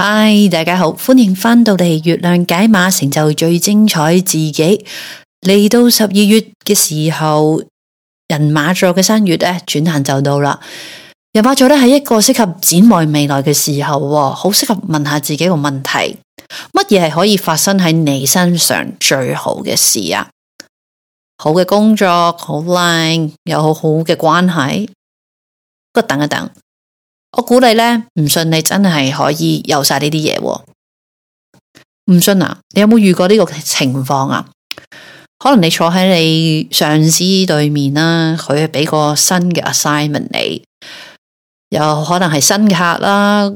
嗨，Hi, 大家好，歡迎返到嚟月亮解碼，成就最精彩自己。嚟到十二月嘅時候，人馬座嘅生月咧，轉眼就到啦。人馬座咧，係一個適合展望未來嘅時候喎，好適合問下自己個問題：乜嘢係可以發生喺你身上最好嘅事啊？好嘅工作，好靚，有好好嘅關係。不過等一等。我估你咧，唔信你真係可以有晒呢啲嘢。唔信啊？你有冇遇過呢個情況啊？可能你坐喺你上司對面啦，佢俾個新嘅 assignment 你，又可能係新嘅客啦，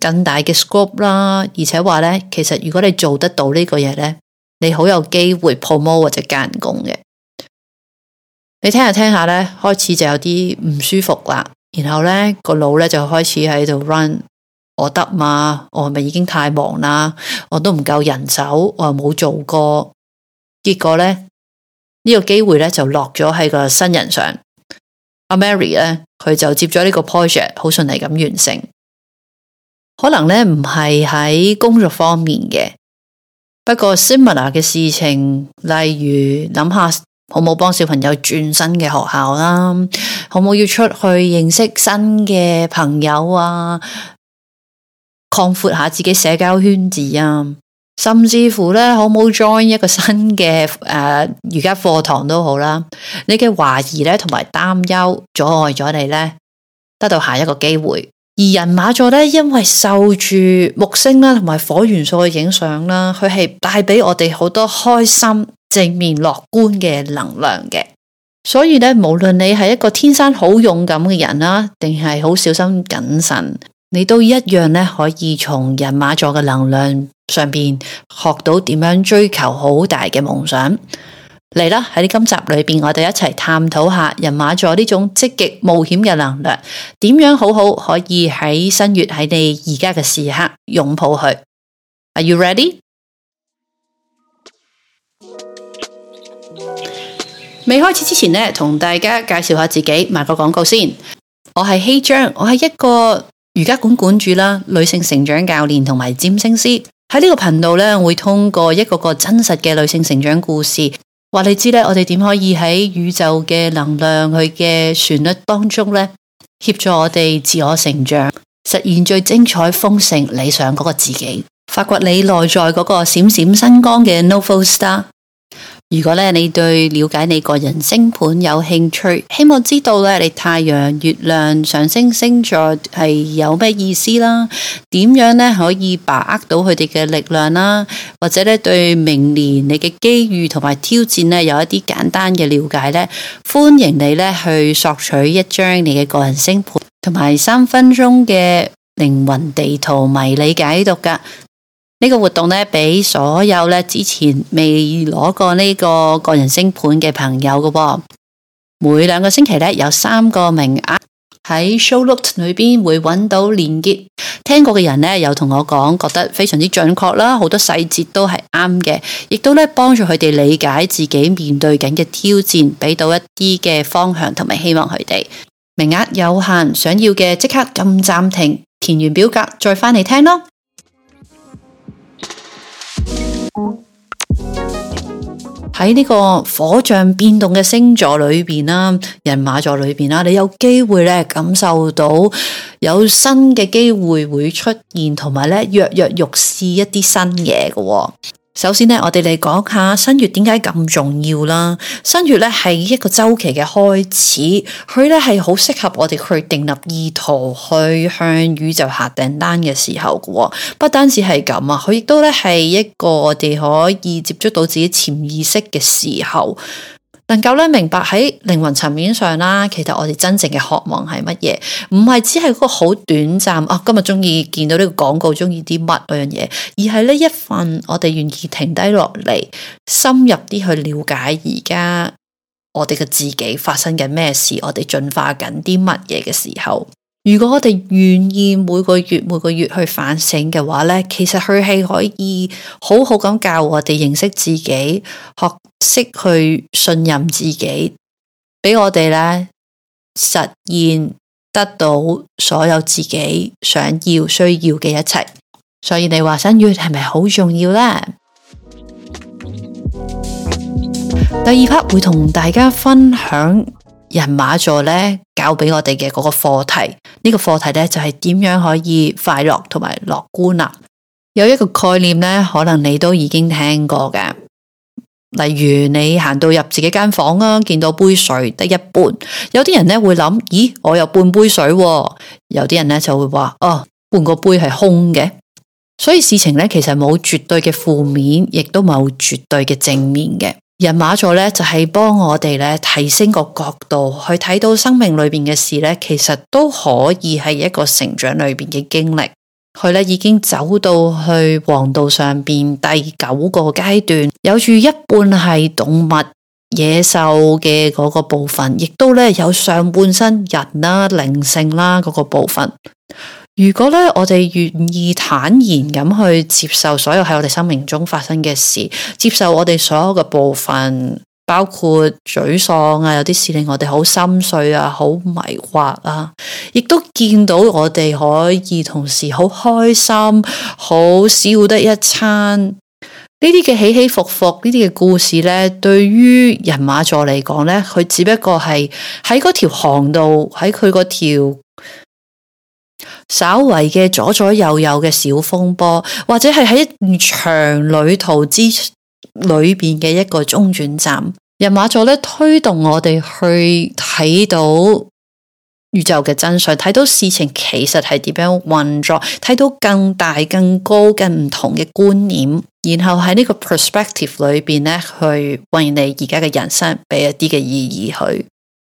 更大嘅 scope 啦，而且話咧，其實如果你做得到呢個嘢咧，你好有機會 promote 或者加人工嘅。你聽下聽下咧，開始就有啲唔舒服啦。然後呢個腦呢，就開始喺度 run，我得嘛？我係咪已經太忙啦？我都唔夠人手，我又冇做過。結果呢，呢、呢個機會呢，就落咗喺個新人上。阿 Mary 呢，佢就接咗呢個 project，好順利咁完成。可能呢唔係喺工作方面嘅，不過 similar 嘅事情，例如諗下。好冇幫小朋友轉新嘅學校啦，啊？好冇要出去認識新嘅朋友啊？擴闊下自己社交圈子啊？甚至乎咧，好冇 join 一個新嘅誒，瑜伽課堂都好啦，啊。你嘅懷疑咧，同埋擔憂阻礙咗你咧，得到下一個機會。而人馬座咧，因為受住木星啦，同埋火元素嘅影響啦，佢係帶俾我哋好多開心正面樂觀嘅能量嘅，所以呢，無論你係一個天生好勇敢嘅人啦，定係好小心謹慎，你都一樣呢，可以從人馬座嘅能量上邊學到點樣追求好大嘅夢想嚟啦。喺啲今集裏邊，我哋一齊探討下人馬座呢種積極冒險嘅能量，點樣好好可以喺新月喺你而家嘅時刻擁抱佢。Are you ready? 未開始之前呢，同大家介紹下自己，賣個廣告先。我係希章，我係一個瑜伽館館主啦，女性成長教練同埋占星師。喺呢個頻道呢，會通過一個個真實嘅女性成長故事，話你知咧，我哋點可以喺宇宙嘅能量佢嘅旋律當中咧，協助我哋自我成長，實現最精彩豐盛理想嗰個自己，發掘你內在嗰個閃閃星光嘅 Novel Star。如果咧你對了解你個人星盤有興趣，希望知道咧你太陽、月亮、上升星座係有咩意思啦，點樣咧可以把握到佢哋嘅力量啦，或者咧對明年你嘅機遇同埋挑戰咧有一啲簡單嘅了解咧，歡迎你咧去索取一張你嘅個人星盤同埋三分鐘嘅靈魂地圖迷你解讀噶。呢個活動咧，俾所有咧之前未攞過呢個個人星盤嘅朋友嘅、哦，每兩個星期咧有三個名額喺 ShowNote 裏邊會搵到鏈接。聽過嘅人咧，有同我講，覺得非常之準確啦，好多細節都係啱嘅，亦都咧幫助佢哋理解自己面對緊嘅挑戰，俾到一啲嘅方向同埋希望佢哋。名額有限，想要嘅即刻撳暫停，填完表格再返嚟聽咯。喺呢個火象變動嘅星座裏邊啦，人馬座裏邊啦，你有機會咧感受到有新嘅機會會出現，同埋咧躍躍欲試一啲新嘢嘅哦。首先咧，我哋嚟講下新月點解咁重要啦？新月咧係一個週期嘅開始，佢咧係好適合我哋去定立意圖，去向宇宙下訂單嘅時候嘅。不單止係咁啊，佢亦都咧係一個我哋可以接觸到自己潛意識嘅時候。能夠明白喺靈魂層面上啦，其實我哋真正嘅渴望係乜嘢？唔係只係嗰個好短暫、啊、今日中意見到呢個廣告，中意啲乜樣嘢，而係咧一份我哋願意停低落嚟，深入啲去了解而家我哋嘅自己發生緊咩事，我哋進化緊啲乜嘢嘅時候。如果我哋願意每個月每個月去反省嘅話咧，其實佢係可以好好咁教我哋認識自己，學識去信任自己，俾我哋咧實現得到所有自己想要、需要嘅一切。所以你話新月係咪好重要咧？第二 part 會同大家分享。人馬座呢教俾我哋嘅嗰個課題，呢、這個課題呢就係、是、點樣可以快樂同埋樂觀啊？有一個概念呢，可能你都已經聽過嘅，例如你行到入自己房間房啊，見到杯水得一半，有啲人呢會諗，咦，我有半杯水，啊，有啲人呢就會話，哦，半個杯係空嘅，所以事情呢其實冇絕對嘅負面，亦都冇絕對嘅正面嘅。人馬座咧就係幫我哋咧提升個角度去睇到生命裏邊嘅事咧，其實都可以係一個成長裏邊嘅經歷。佢咧已經走到去黃道上邊第九個階段，有住一半係動物野獸嘅嗰個部分，亦都咧有上半身人啦、靈性啦嗰個部分。如果咧，我哋願意坦然咁去接受所有喺我哋生命中發生嘅事，接受我哋所有嘅部分，包括沮喪啊，有啲事令我哋好心碎啊，好迷惑啊，亦都見到我哋可以同時好開心，好笑得一餐。呢啲嘅起起伏伏，呢啲嘅故事呢，對於人馬座嚟講呢，佢只不過係喺嗰條航道，喺佢嗰條。稍微嘅左左右右嘅小風波，或者係喺長旅途之裏邊嘅一個中轉站，人馬座咧推動我哋去睇到宇宙嘅真相，睇到事情其實係點樣運作，睇到更大、更高、更唔同嘅觀念，然後喺呢個 perspective 裏邊咧去為你而家嘅人生俾一啲嘅意義去。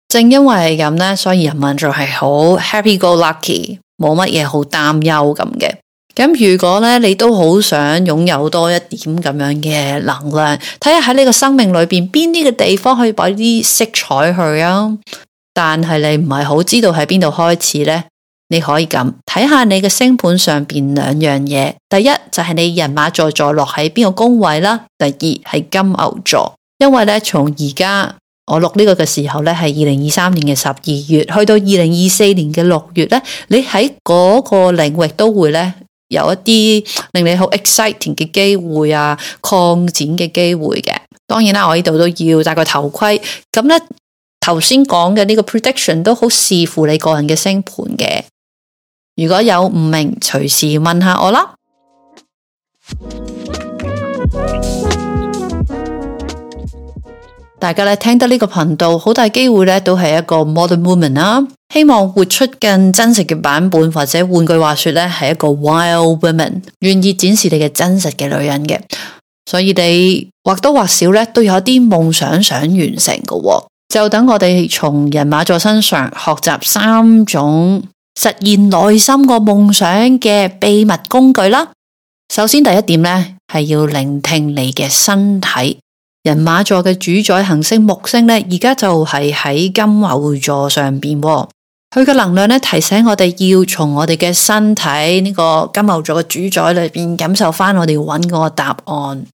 正因為咁咧，所以人馬座係好 happy go lucky。冇乜嘢好擔憂咁嘅，咁如果咧你都好想擁有多一點咁樣嘅能量，睇下喺你個生命裏面邊啲嘅地方可以擺啲色彩去啊，但係你唔係好知道喺邊度開始咧，你可以咁睇下你嘅星盤上面兩樣嘢，第一就係、是、你人馬座座落喺邊個宮位啦，第二係金牛座，因為咧從而家。我錄呢個嘅時候呢，係二零二三年嘅十二月，去到二零二四年嘅六月呢，你喺嗰個領域都會呢有一啲令你好 exciting 嘅機會啊，擴展嘅機會嘅。當然啦，我呢度都要戴個頭盔。咁呢頭先講嘅呢個 prediction 都好視乎你個人嘅星盤嘅。如果有唔明，隨時問下我啦。 大家咧聽得呢個頻道，好大機會都係一個 modern woman 啦。希望活出更真實嘅版本，或者換句話說咧，係一個 wild woman，願意展示你嘅真實嘅女人嘅。所以你或多或少都有一啲夢想想完成嘅。就等我哋從人馬座身上學習三種實現內心個夢想嘅秘密工具啦。首先第一點呢，係要聆聽你嘅身體。人馬座嘅主宰行星木星咧，而家就係喺金牛座上邊。佢嘅能量咧，提醒我哋要從我哋嘅身體呢、這個金牛座嘅主宰裏邊感受翻我哋要揾嗰個答案。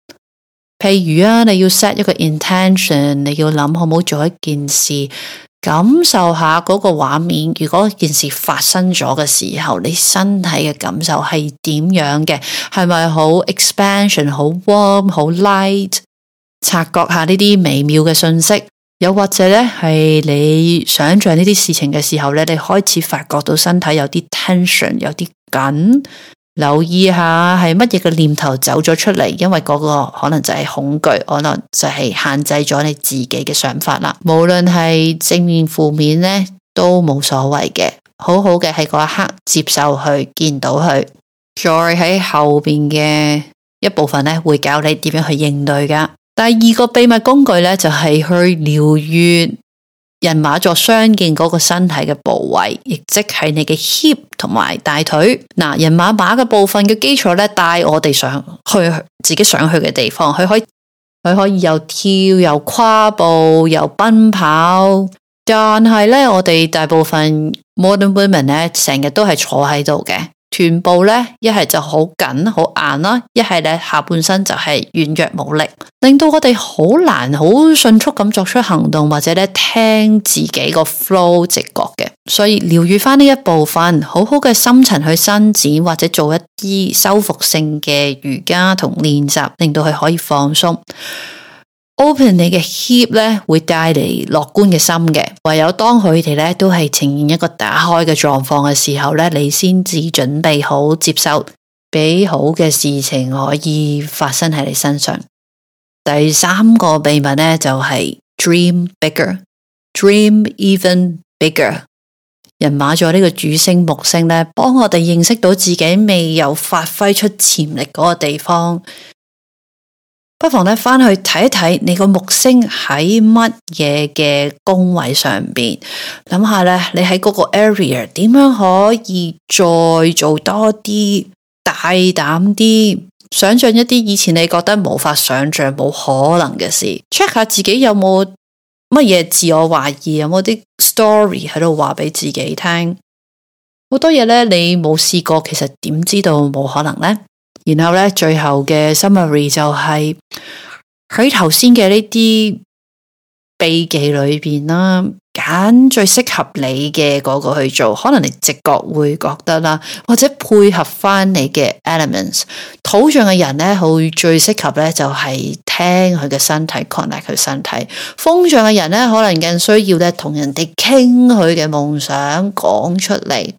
譬如啊，你要 set 一個 intention，你要諗好唔好做一件事，感受下嗰個畫面。如果件事發生咗嘅時候，你身體嘅感受係點樣嘅？係咪好 expansion，好 warm，好 light？察覺下呢啲微妙嘅信息，又或者咧係你想象呢啲事情嘅時候咧，你開始發覺到身體有啲 tension，有啲緊，留意下係乜嘢嘅念頭走咗出嚟，因為嗰個可能就係恐懼，可能就係限制咗你自己嘅想法啦。無論係正面負面咧，都冇所謂嘅，好好嘅喺嗰一刻接受佢，見到佢，再喺後邊嘅一部分咧，會教你點樣去應對噶。第二個秘密工具咧，就係、是、去療愈人馬座相肩嗰個身體嘅部位，亦即係你嘅 hip 同埋大腿。嗱，人馬馬嘅部分嘅基礎咧，帶我哋上去自己想去嘅地方。佢可以佢可以又跳又跨步又奔跑，但係咧我哋大部分 modern women 咧，成日都係坐喺度嘅。全部咧，一係就好緊好硬啦，一係咧下半身就係軟弱無力，令到我哋好難好迅速咁作出行動，或者咧聽自己個 flow 直覺嘅。所以療愈翻呢一部分，好好嘅心情去伸展或者做一啲修復性嘅瑜伽同練習，令到佢可以放鬆。open 你嘅 hip 咧，會帶嚟樂觀嘅心嘅。唯有當佢哋咧都係呈現一個打開嘅狀況嘅時候咧，你先至準備好接受，俾好嘅事情可以發生喺你身上。第三個秘密咧就係 dream bigger，dream even bigger。人馬座呢個主星木星咧，幫我哋認識到自己未有發揮出潛力嗰個地方。不妨咧翻去睇一睇你個木星喺乜嘢嘅宮位上邊，諗下咧你喺嗰個 area 點樣可以再做多啲、大膽啲，想象一啲以前你覺得無法想象、冇可能嘅事。check 下自己有冇乜嘢自我懷疑，有冇啲 story 喺度話俾自己聽。好多嘢咧你冇試過，其實點知道冇可能呢？然後咧，最後嘅 summary 就係喺頭先嘅呢啲秘技裏面啦，揀最適合你嘅嗰個去做。可能你直覺會覺得啦，或者配合翻你嘅 elements。土象嘅人呢，佢最適合咧就係、是、聽佢嘅身體，connect 佢身體。風象嘅人呢，可能更需要呢同人哋傾佢嘅夢想，講出嚟。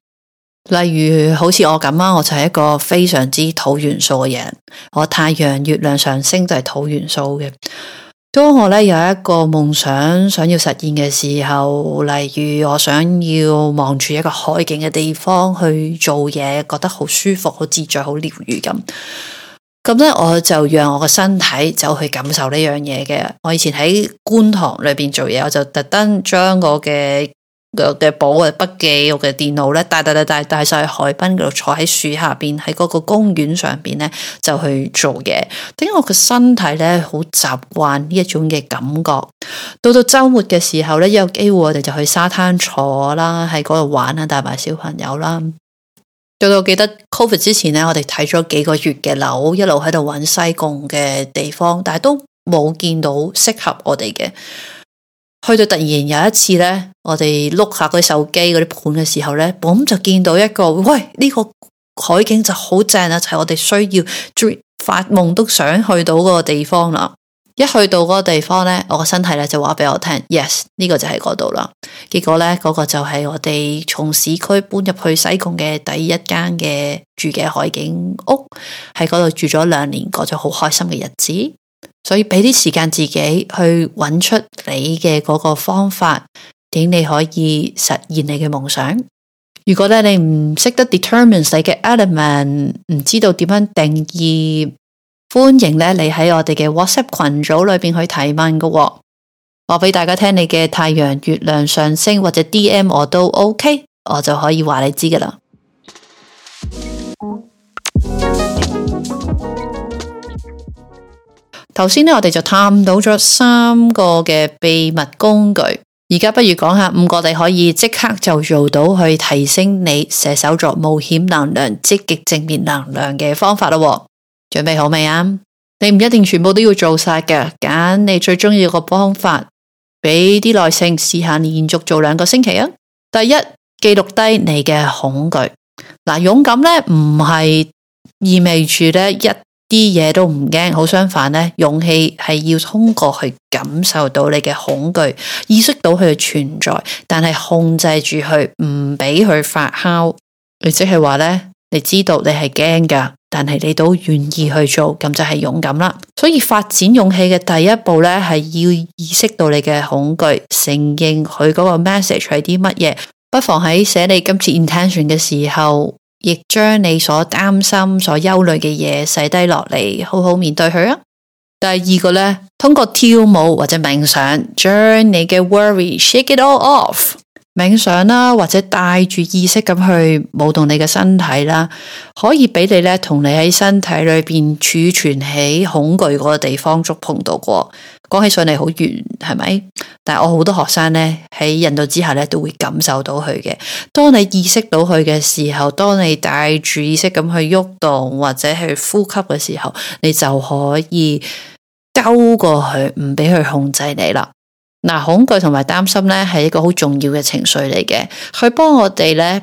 例如好似我咁啊，我就係一個非常之土元素嘅人。我太陽、月亮上升就係土元素嘅。當我咧有一個夢想想要實現嘅時候，例如我想要望住一個海景嘅地方去做嘢，覺得好舒服、好自在、好療癒咁。咁咧，我就讓我嘅身體走去感受呢樣嘢嘅。我以前喺觀塘裏邊做嘢，我就特登將我嘅。嘅嘅簿嘅筆記，我嘅電腦咧，帶帶帶帶帶晒去海濱度，坐喺樹下邊，喺嗰個公園上邊咧就去做嘢。點解我嘅身體咧好習慣呢習慣一種嘅感覺？到到周末嘅時候咧，有機會我哋就去沙灘坐啦，喺嗰度玩啦，帶埋小朋友啦。到到記得 Covid 之前咧，我哋睇咗幾個月嘅樓，一路喺度揾西貢嘅地方，但係都冇見到適合我哋嘅。去到突然有一次呢，我哋碌下嗰啲手機嗰啲盤嘅時候呢，我咁就見到一個，喂呢、這個海景就好正啦，就係、是、我哋需要追發夢都想去到嗰個地方啦。一去到嗰個地方呢，我個身體呢就話俾我聽，Yes，呢個就喺嗰度啦。結果呢，嗰、那個就係我哋從市區搬入去西貢嘅第一間嘅住嘅海景屋，喺嗰度住咗兩年，過咗好開心嘅日子。所以俾啲時間自己去揾出你嘅嗰個方法，點你可以實現你嘅夢想？如果呢你唔識得 determine 你嘅 element，唔知道點樣定義，歡迎呢你喺我哋嘅 WhatsApp 群組裏面去提問㗎喎。話俾大家聽，你嘅太陽、月亮、上升或者 DM 我都 OK，我就可以話你知㗎喇。頭先咧，我哋就探到咗三個嘅秘密工具，而家不如講下五個，你可以即刻就做到去提升你射手座冒險能量、積極正面能量嘅方法啦。準備好未啊？你唔一定全部都要做晒嘅，揀你最中意個方法，俾啲耐性試下，連續做兩個星期啊！第一，記錄低你嘅恐懼。嗱，勇敢呢，唔係意味住咧一。啲嘢都唔驚，好相反呢。勇氣係要通過去感受到你嘅恐懼，意識到佢嘅存在，但係控制住佢，唔俾佢發酵。你即係話呢，你知道你係驚噶，但係你都願意去做，咁就係勇敢啦。所以發展勇氣嘅第一步呢，係要意識到你嘅恐懼，承認佢嗰個 message 係啲乜嘢。不妨喺寫你今次 intention 嘅時候。亦將你所擔心、所憂慮嘅嘢寫低落嚟，好好面對佢。第二個呢，通過跳舞或者冥想，將你嘅 worry shake it all off。冥想啦，或者帶住意識咁去舞動你嘅身體啦，可以俾你咧同你喺身體裏邊儲存起恐懼嗰個地方觸碰到過。講起上嚟好遠，係咪？但係我好多學生咧喺引導之下咧都會感受到佢嘅。當你意識到佢嘅時候，當你帶住意識咁去喐動，動或者去呼吸嘅時候，你就可以勾過去，唔俾佢控制你啦。嗱，恐懼同埋擔心呢係一個好重要嘅情緒嚟嘅，佢幫我哋呢，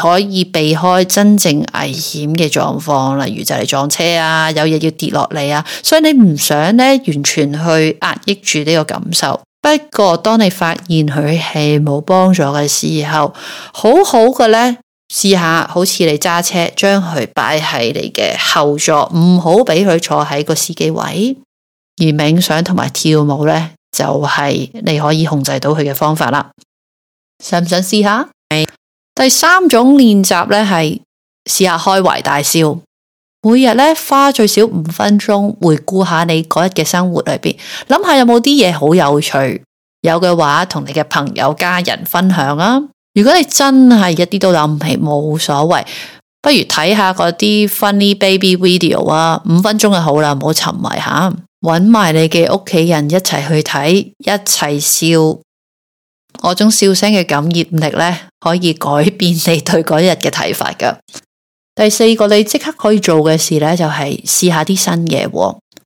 可以避開真正危險嘅狀況，例如就嚟撞車啊，有嘢要跌落嚟啊，所以你唔想呢完全去壓抑住呢個感受。不過當你發現佢係冇幫助嘅時候，好好嘅呢試下好似你揸車，將佢擺喺你嘅後座，唔好俾佢坐喺個司機位，而冥想同埋跳舞呢。就係你可以控制到佢嘅方法啦，想唔想試下？第三種練習呢係試下開懷大笑，每日呢花最少五分鐘回顧下你嗰日嘅生活裏邊，諗下有冇啲嘢好有趣，有嘅話同你嘅朋友家人分享啊。如果你真係一啲都諗唔起，冇所謂，不如睇下嗰啲 Funny Baby Video 啊，五分鐘就好啦，唔好沉迷吓。揾埋你嘅屋企人一齊去睇，一齊笑。嗰種笑聲嘅感染力咧，可以改變你對嗰一日嘅睇法噶。第四個你即刻可以做嘅事咧，就係試下啲新嘢，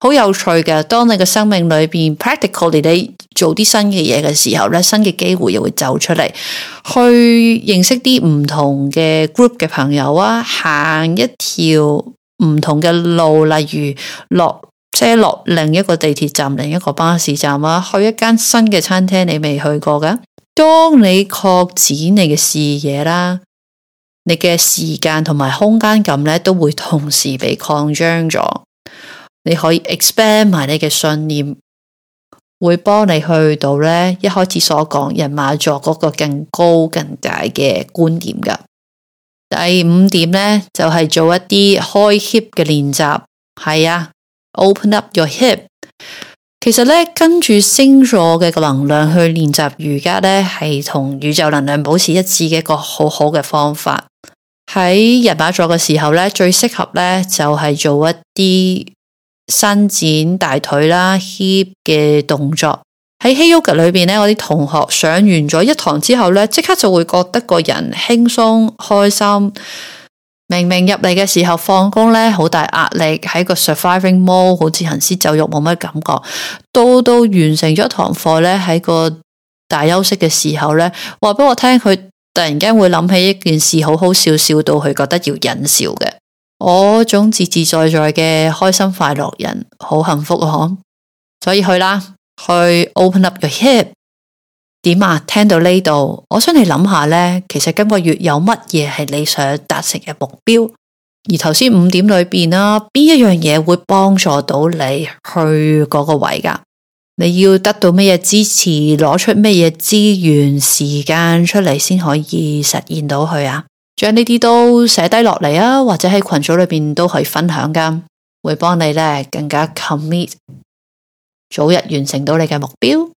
好有趣嘅。當你嘅生命裏邊 practical l ypractically 你做啲新嘅嘢嘅時候咧，新嘅機會又會走出嚟，去認識啲唔同嘅 group 嘅朋友啊，行一條唔同嘅路，例如落。車落另一個地鐵站，另一個巴士站啊！去一間新嘅餐廳，你未去過嘅。當你擴展你嘅視野啦，你嘅時間同埋空間感咧，都會同時被擴張咗。你可以 expand 埋你嘅信念，會幫你去到咧一開始所講人馬座嗰個更高更大嘅觀點噶。第五點咧就係、是、做一啲開 hip 嘅練習，係啊。Open up your hip。其實咧，跟住星座嘅能量去練習瑜伽咧，係同宇宙能量保持一致嘅一個好好嘅方法。喺人馬座嘅時候咧，最適合咧就係、是、做一啲伸展大腿啦、hip 嘅動作。喺 Hei Yoga 裏邊咧，我啲同學上完咗一堂之後咧，即刻就會覺得個人輕鬆開心。明明入嚟嘅時候放工呢，好大壓力喺個 surviving mode，好似行屍走肉冇乜感覺。到到完成咗一堂課呢，喺個大休息嘅時候呢，話俾我聽佢突然間會諗起一件事，好好笑笑到佢覺得要忍笑嘅。我種自自在在嘅開心快樂人，好幸福啊！所以去啦，去 open up your hip。點啊！聽到呢度，我想你諗下咧，其實今個月有乜嘢係你想達成嘅目標？而頭先五點裏邊啦，邊一樣嘢會幫助到你去嗰個位噶？你要得到乜嘢支持？攞出乜嘢資源、時間出嚟先可以實現到佢啊？將呢啲都寫低落嚟啊，或者喺群組裏邊都可以分享噶，會幫你咧更加 commit，早日完成到你嘅目標。